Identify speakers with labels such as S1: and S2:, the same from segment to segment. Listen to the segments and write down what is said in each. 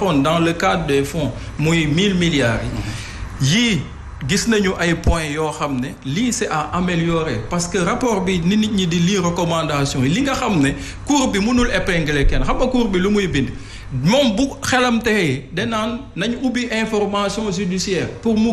S1: dans le cadre des fonds mouille 1000 milliards yi gis nañu ay points yo xamné li à améliorer parce que rapport bi ni nit ñi recommandation li nga cour bi mënul épingler xam cour bi lu muy bind bu xelam information judiciaire pour mu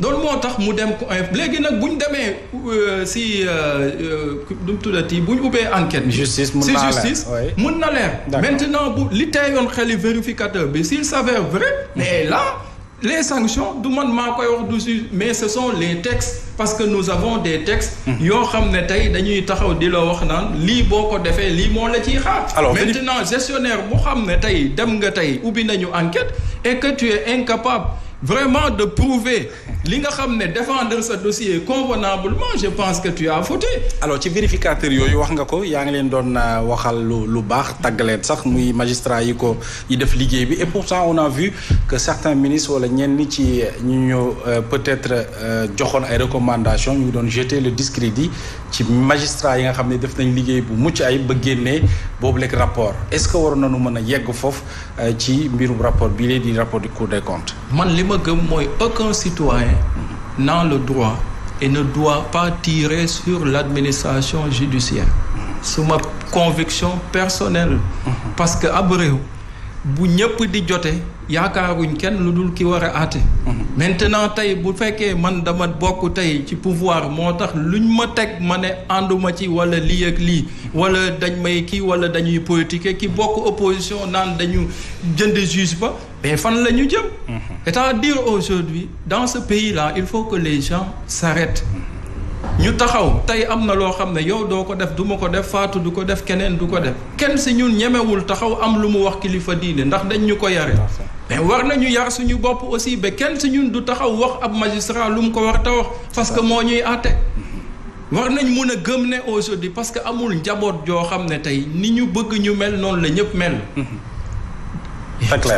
S1: donc moo tax mu dem léegi nag nak buñ démé euh, si dum euh, euh, mu buñ bu enquête justice mun si justice mun na leer. maintenant bu li teyoon xeli vérificateur bi s'il s'avère vrai. mais là les sanctions du man maa koy wax du si mais ce sont les textes parce que nous avons des textes. Mhm. yo xamné tay dañuy taxaw di la wax nan li boko défé li mo la ci xaar. alors maintenant gestionnaire bu xamné tay dem nga tay ubi nañu enquête et que tu es incapable vraiment de prouver li nga xamné défendre ce dossier convenablement je pense que tu as fauté. alors ci vérificateur yooyu wax nga ko ya nga len don euh, waxal lu lu bax tàggaleen sax muy magistrat yi ko yi def liguey bi et pourtant on a vu que certains ministres wala ñenn ni ci ñu euh, peut-être euh, joxone ay recommandations ñu don jeter le discrédit ci magistrats, yi nga xam ne def nañ liggéey bu mucc ayib ba génnee boobu lekk rapport est-ce que waroon nañu mën a yegg foofu euh, ci mbirum rapport bi lay di rapport du Cour des comptes. man li ma gëm mooy aucun citoyen mhm. n'a le droit et ne doit pas tirer sur l'administration judiciaire. Mhm. su ma conviction personnelle. Mhm. parce que abreu, bu ñëpp di jotee yaakaaruñ kenn lu dul ki war a mhm. maintenant tey bu fekkee man dama bokk tey ci pouvoir moo tax ci wala lii ak wala dañ may wala dañuy politique ki opposition naan dañu jënd juge ba mais fan la ñu jëm mhm. à dire aujourd'hui dans ce pays là il faut que les gens s'arrêtent ñu taxaw tay amna na loo xam ne yow doo ko def du ma ko def fatu du ko def keneen du ko def kenn si ñun ñemewul taxaw am lu mu wax kilifa diine ndax dañ ñu ko yare mais war nañu yar suñu bopp aussi be ken si ñun du taxaw wax ab magistrat lu mu ko war ta ate. parce que moo ñuy àtte war nañ mun gëm ne aujourd'hui parce que amul njaboot joo xam ne ni ñu bëgg ñu mel non la ñëpp mel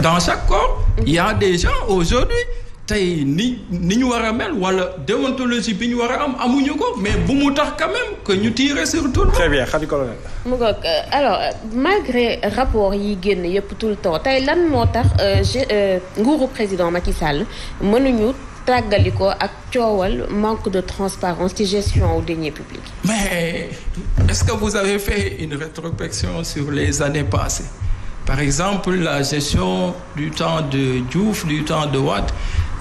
S1: dans chaque corps il y a des gens aujourd'hui tey ni ni ñu war a mel wala déontologie bi ñu am amuñu ko mais bu mu quand même que ñu tirer sur tout très bien xadi Colonel.
S2: mu ngoog euh, alors euh, malgré rapport yi génn yëpp tout le temps tey lan moo tax euh, nguuru président Macky Sall mënuñu tàggali ak coowal manque de transparence ci gestion au denier public
S1: mais est-ce que vous avez fait une rétrospection sur les années passées par exemple la gestion du temps de Diouf du temps de Wade.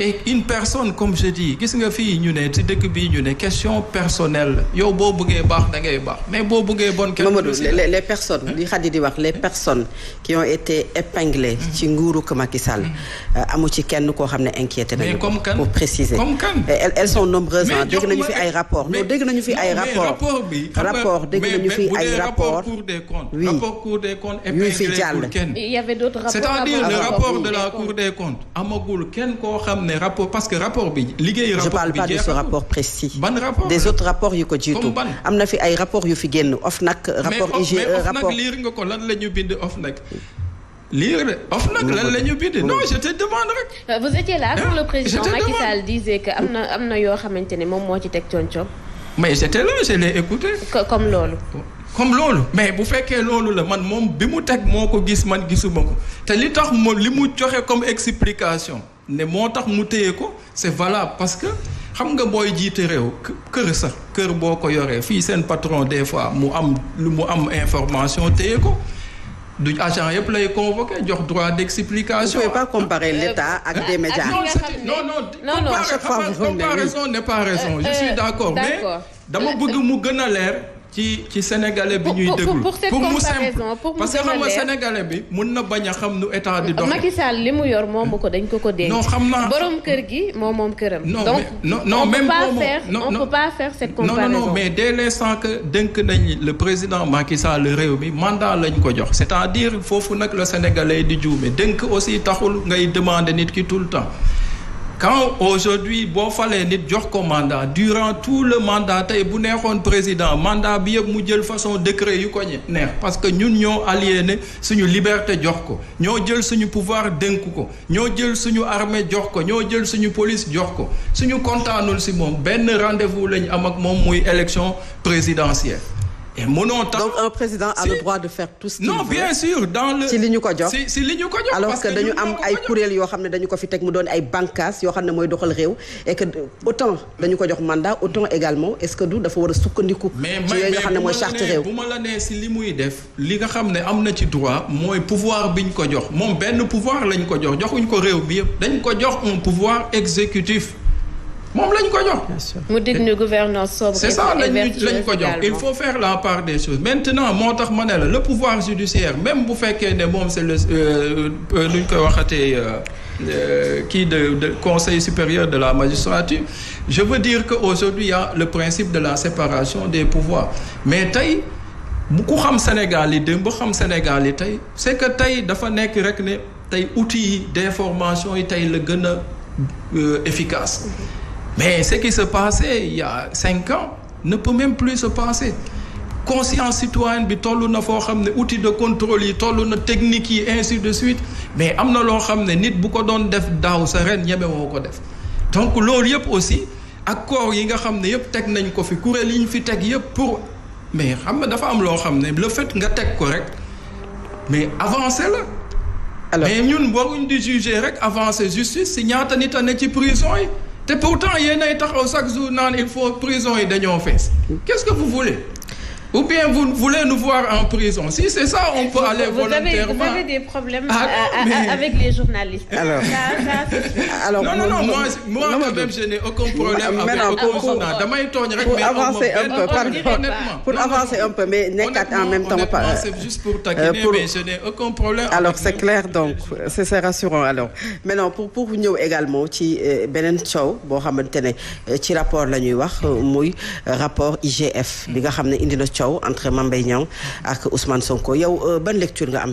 S1: et une personne comme je dis gis nga fi ñu né ci dëkk bi ñu né question personnelle yow bo bëggee bax da ngay bax mais bo bëggee bonne kenn Mamadou les
S3: personnes di xadi di wax les personnes qui ont été épinglées mm-hmm. ci nguuru Macky Sall mm-hmm. euh, amu ci kenn ko xamné inquiété nañu comme kan pour préciser comme kan elles sont nombreuses ah dégg nañu fi ay rapport non dégg nañu fi ay rapport bi rapport dégg nañu fi ay rapport
S1: pour des comptes oui rapport Cour des comptes épinglé fi
S2: c'est-à-dire le rapport de la
S1: Cour des comptes amagul kenn ko xamné rapport parce que rapport bi je parle pas de ce rapport précis des autres rapports yu ko
S3: rapport yu fi rapport IGE rapport lire
S1: nga ko lan lañu bind lire non
S2: je te euh, vous étiez là hein? le président disait que Amna
S1: mais j'étais là je écouté comme comme mais faites que la man mon bimoutek man te comme explication ne mu c'est valable parce que xam nga patron des fois mu am lu mu information téye ko du agent yep droit d'explication. vous pouvez pas comparer ah, l'État euh, avec des médias. non non comparaison n'est pas raison. je euh, suis d'accord mais dama euh, bëgg mu non, ci ci sénégalais bi ñuy déglu pour cette comparaison hein, pour parce que xam nga sénégalais bi mën na bañ a xam nu état di doxee. Macky
S2: Sall li mu yor moomu ko dañ ko ko denc. non xam naa borom kër gi moom moom këram. donc on peut pas faire on peut pas faire cette comparaison. non non
S1: mais dès l'instant que dënk nañ le président Macky Sall réew mi mandat lañ ko jox. c'est-à-dire foofu nag le sénégalais di juume dënk aussi taxul ngay demander nit ki tout le temps quand aujourd'hui boo falee nit jox ko mandat durant tout le mandat tey bu nekhone président mandat bi mu jël façon décret yu ko neex parce que ñun ñoo aliéné suñu liberté jox ko ñoo jël suñu pouvoir dénk ko ñoo jël suñu armée jox ko ñoo jël suñu police jox ko suñu kontaanul si mom ben rendez-vous lañ am ak mom muy élection présidentielle et mononta donc un président a le droit de faire tout ce non bien sûr dans le si li ñu
S3: ko si si
S1: ko jox alors que dañu
S3: am ay kuréel yoo xam ne dañu ko fi teg mu doon ay bànqaas yoo xam ne mooy doxal réew et que autant dañu ko jox mandat autant également est ce que du dafa war a sukkandiku Mais yooyu nga xam ne mooy charte réew bu
S1: ma la nee si li def li nga xam ne ci droit mooy pouvoir biñ ko jox moom benn pouvoir lañ ko jox joxuñ ko réew bi yëpp dañ ko jox un pouvoir exécutif
S2: c'est ça il
S1: faut faire la part des choses maintenant le pouvoir judiciaire même bu vous les moom c'est le euh, euh, euh, conseil supérieur de la magistrature je veux dire qu'aujourd'hui, il y a le principe de la séparation des pouvoirs mais beaucoup de Sénégal yi Sénégal c'est que tey dafa nekk outils d'information et efficace mais ce qui se passait il y a cinq ans ne peut même plus se passer. conscience citoyenne bi toll na foo outil de contrôle yi toll na technique yi ainsi de suite mais amna lo loo nit bu ko don def daw sa reine ñeme woo ko def donc lool yëpp aussi accord yi nga xam ne tek nañ ko fi kuréel yi fi tek yëpp pour mais xam nga dafa am lo xam le fait nga tek ko rek mais avancé la. alors mais ñun waruñ di juger rek avancer justice si ñaata nit a ne ci prison yi. Et pourtant il y en chaque jour naan il faut prison et yi en face. Mm. qu'est-ce que vous voulez ou bien vous voulez nous voir en prison. Si c'est ça, on peut aller vous volontairement. Avez, vous avez
S2: des problèmes ah avec les journalistes.
S1: Alors, non, non, non, moi, moi non, même, je n'ai aucun problème avec aucun journaliste. Pour, avancer un peu, pardon.
S3: Pour avancer un peu, mais
S1: en même temps. Euh, c'est juste pour taquiner, euh, mais je n'ai aucun problème. Alors,
S3: c'est clair, donc, c'est rassurant. Alors, maintenant, pour pour nous également ci euh, beneen Chow, bon, rapport la nuit rapport IGF les nga indi entre Mambay Niang Ousmane Sonko yow euh, lecture nga am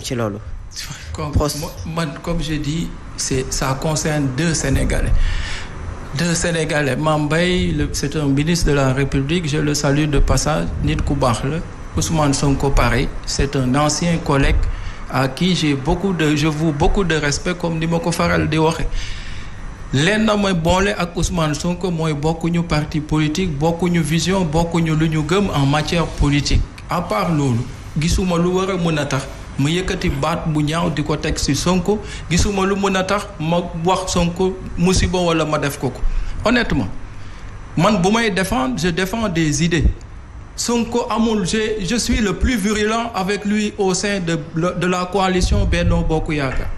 S1: comme comme je dis ça concerne deux Sénégalais. Deux Sénégalais Mambay, c'est un ministre de la République je le salue de passage Nid Koubakhle, Ousmane Sonko pareil c'est un ancien collègue à qui j'ai beaucoup de je vous beaucoup de respect comme ni Moko faral de leen na mooy boole ak Ousmane Sonko mooy bokkuñu parti politique bokkuñu vision bokkuñu lu ñu gëm en matière politique à part loolu gisuma lu war a mën a tax ma yëkkati baat bu ñaaw di ko teg ci Sonko gisuma lu mën a tax ma wax Sonko musiba wala ma def ko honnêtement man bu may défendre je défends des idées Sonko amul je je suis le plus virulent avec lui au sein de de la coalition Benno bokku Yaakaar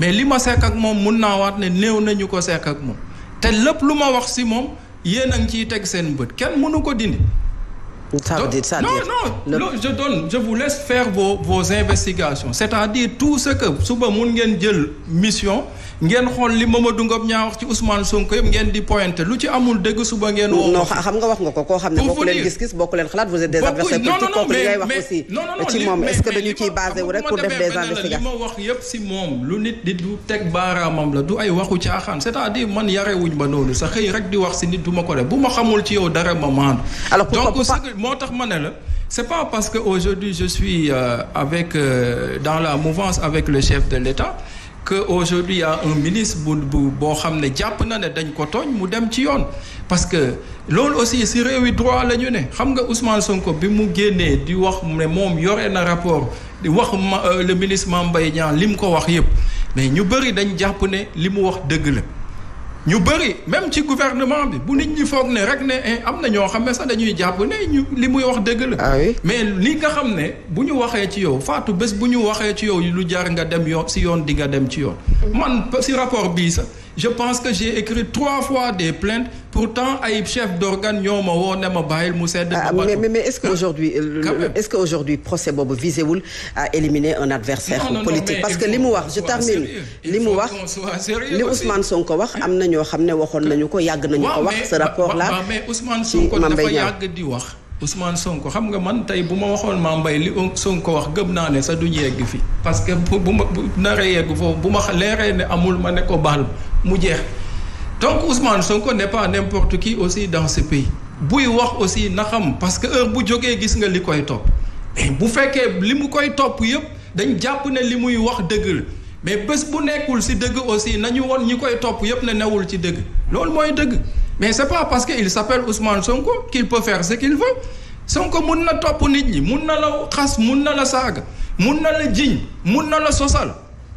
S1: mais li ma ak mom na ne nañu ak mom té lepp lu wax si non non je vous laisse faire vos vos investigations c'est-à-dire tout ce que suba mun ngeen jël mission ngeen xool li Mamadou Ngom ñaa wax ci Ousmane Sonko yëpp ngeen di pointé lu ci amul dëgg suba ngeen woo non xam
S3: nga wax nga ko koo xam ne bokku leen gis-gis
S1: bokku leen xalaat vous êtes des adversaires politiques kooku li ngay wax aussi ci moom est-ce que
S3: dañu ciy basé wu rek pour def des investigations li
S1: ma wax yëpp si moom lu nit di du teg baaraamam la du ay waxu caaxaan c'est-à-dire man wuñ ba noonu sa xëy rek di wax si nit du ma ko def bu ma xamul ci yow dara ma maandu alors donc moo tax ma ne la c'est pas parce que aujourd'hui je suis euh, avec euh, dans la mouvance avec le chef de l'État que aujourd'hui y a un ministre bu boo xam ne jàpp na ne dañ ko tooñ mu dem ci yoon parce que loolu aussi si réewi droit la ñu ne xam nga Ousmane Sonko bi mu génnee di wax ne moom yore na rapport di wax ma euh, ministre Mame Mbaye Niang li mu ko wax yëpp mais ñu bëri dañ jàpp ne li mu wax dëgg la ñu bëri même ci gouvernement bi bu nit ñi foog ne rek ne eh, am na ñoo xam ne sax dañuy jàpp ne ñu li muy wax dëgg la. Ah mais li nga xam ne bu ñu waxee ci yow faatu bés bu ñu waxee ci yow lu jar nga dem yoon si yoon di nga dem ci yoon. Mm-hmm. man si rapport bii sax. je pense que j'ai écrit trois fois des plaintes pourtant aïb chef d'organe il ma woo ne ah, mais mais est-ce qu'aujourd'hui,
S3: aujourd'hui euh, est-ce que procès Bob viséwul a éliminé un adversaire politique parce que Limouar, je termine
S1: Limouar, mu wax Ousmane
S3: Sonko wax am dit ñoo xam ne nañu ko yàgg nañu ce rapport là mais
S1: Ousmane Sonko dafa yàgg di wax Ousmane Sonko xam nga man tey bu ma waxoon Mame li Sonko wax gëm naa ne sa duñu yegg fi parce que bu ma nara yegg foofu bu ma leeree ne amul ma ne ko baal mu donc Ousmane Sonko n'est pas n'importe qui aussi dans ce pays Bouy wax aussi na parce que heure bu jógee gis nga likoy top. mais bu féké li koy top yépp dañ japp né li wax dëgg mais bés bu nekkul si deug aussi nañu won ñikoy top yépp né ne ci deug. Lool moy deug. mais c'est pas parce que il s'appelle Ousmane Sonko qu'il peut faire ce qu'il veut Sonko mën na top nit ñi mën na la xass, mën na la saga, mën na la jiñ mën na la sosal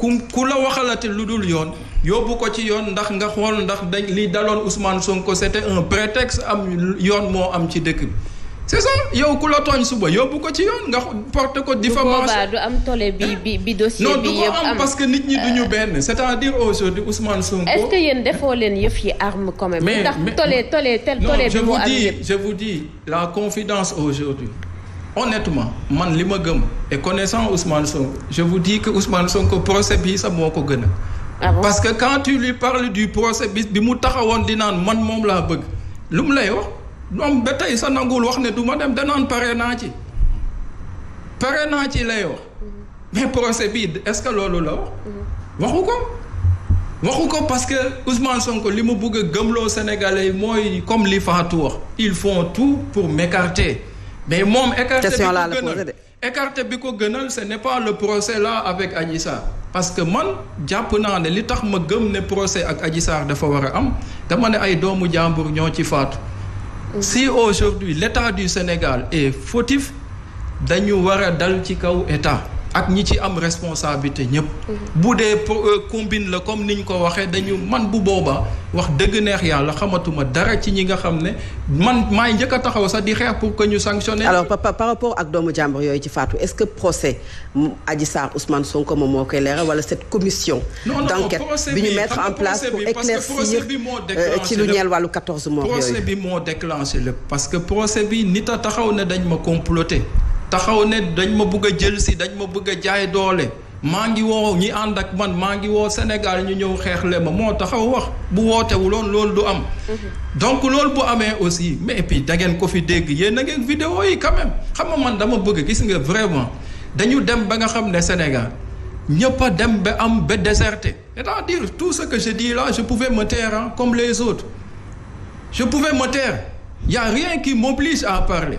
S1: ku ku la waxalate lu dul yoon yóbbu ko ci yoon ndax nga xool ndax dañ li daloon Ousmane Sonko c'était un prétexte am yoon moo am ci dëkk bi c'est ça yow ku la tooñ suba yóbbu ko ci yoon nga porte ko diffamation
S2: du am tole bi ah. bi bi dossier bi yëpp am non du ko am parce que
S1: nit ñi duñu ah. benn c'est-à-dire aujourd'hui Ousmane Sonko. est-ce
S2: que yéen defoo leen yëf yi arme quand même. mais mais ndax tole tole tel tole bi moo am yëpp
S1: non je vous dis je vous dis la confidence aujourd'hui honnêtement man li et connaissant Ousmane je vous dis que Ousmane Sonko procès bi sa de ah parce que quand tu lui parles du procès bi bi mu man mom la bëgg lum lay wax sa nangul wax ne duma dem ci mais procès est-ce que la mm-hmm. parce que Ousmane Sonko Sénégalais comme li Fatou ils font tout pour m'écarter mais mon écarté écarté ko gënal ce n'est pas le procès là avec Agissa. parce que man jàpp naa ne li tax ma gëm ne procès ak Adji Sarr dafa wara a am dama né ay doomu jambour ñoo ci faatu si aujourd'hui l'état du Sénégal est fautif dañu wara dal ci kaw état ak ñi ci am responsabilité ñëpp. Mhm. bu dee euh, combine la comme niñ ko waxee dañu man bu boobaa wax dëgg neex yàlla xamatuma dara ci ñi nga xam ne man maay njëkk a taxaw sax di xeex pour que ñu sanctionné. alors
S3: papa par rapport ak doomu jàmbur yooyu ci faatu est-ce que procès aji sar Ousmane Sonko moom moo koy leeral wala cette commission. d'enquête bi ñu mettre en place pour éclaircir euh, ci lu ñeel wàllu 14 mois yooyu. procès
S1: bi moo déclenché lépp parce que procès bi nit a taxaw ne dañ ma comploter taxaw ne dañ ma bëgg a jël si dañ ma bëgg a jaay doole maa ngi woo ñi ànd ak man maa ngi woo Sénégal ñu ñëw xeexle ma moo taxaw wax bu wootewuloon loolu du am. donc loolu bu amee aussi mais puis da ngeen ko fi dégg yéen a ngeen vidéo yi quand même xam nga man dama bëgg gis nga vraiment dañu dem ba nga xam ne Sénégal ñëpp a dem ba am ba déserté c'est-à-dire tout ce que je dis là je pouvais me taire hein, comme les autres je pouvais me taire y a rien qui m'oblige à parler.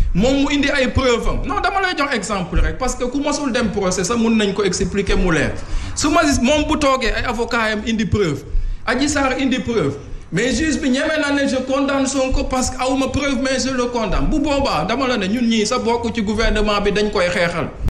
S1: moom mu indi ay preuve am non dama lay jox exemple rek parce que ku mosul dem procès sax mun nañ ko expliquer mu leer su ma moom bu toogee ay avocat yam indi preuve Adji Sarr indi preuve mais juge bi ñeme na ne je condamne Sonko parce que awma preuve mais je le condamne bu boobaa dama la ne ñun ñii sa bokk ci gouvernement bi dañ koy xeexal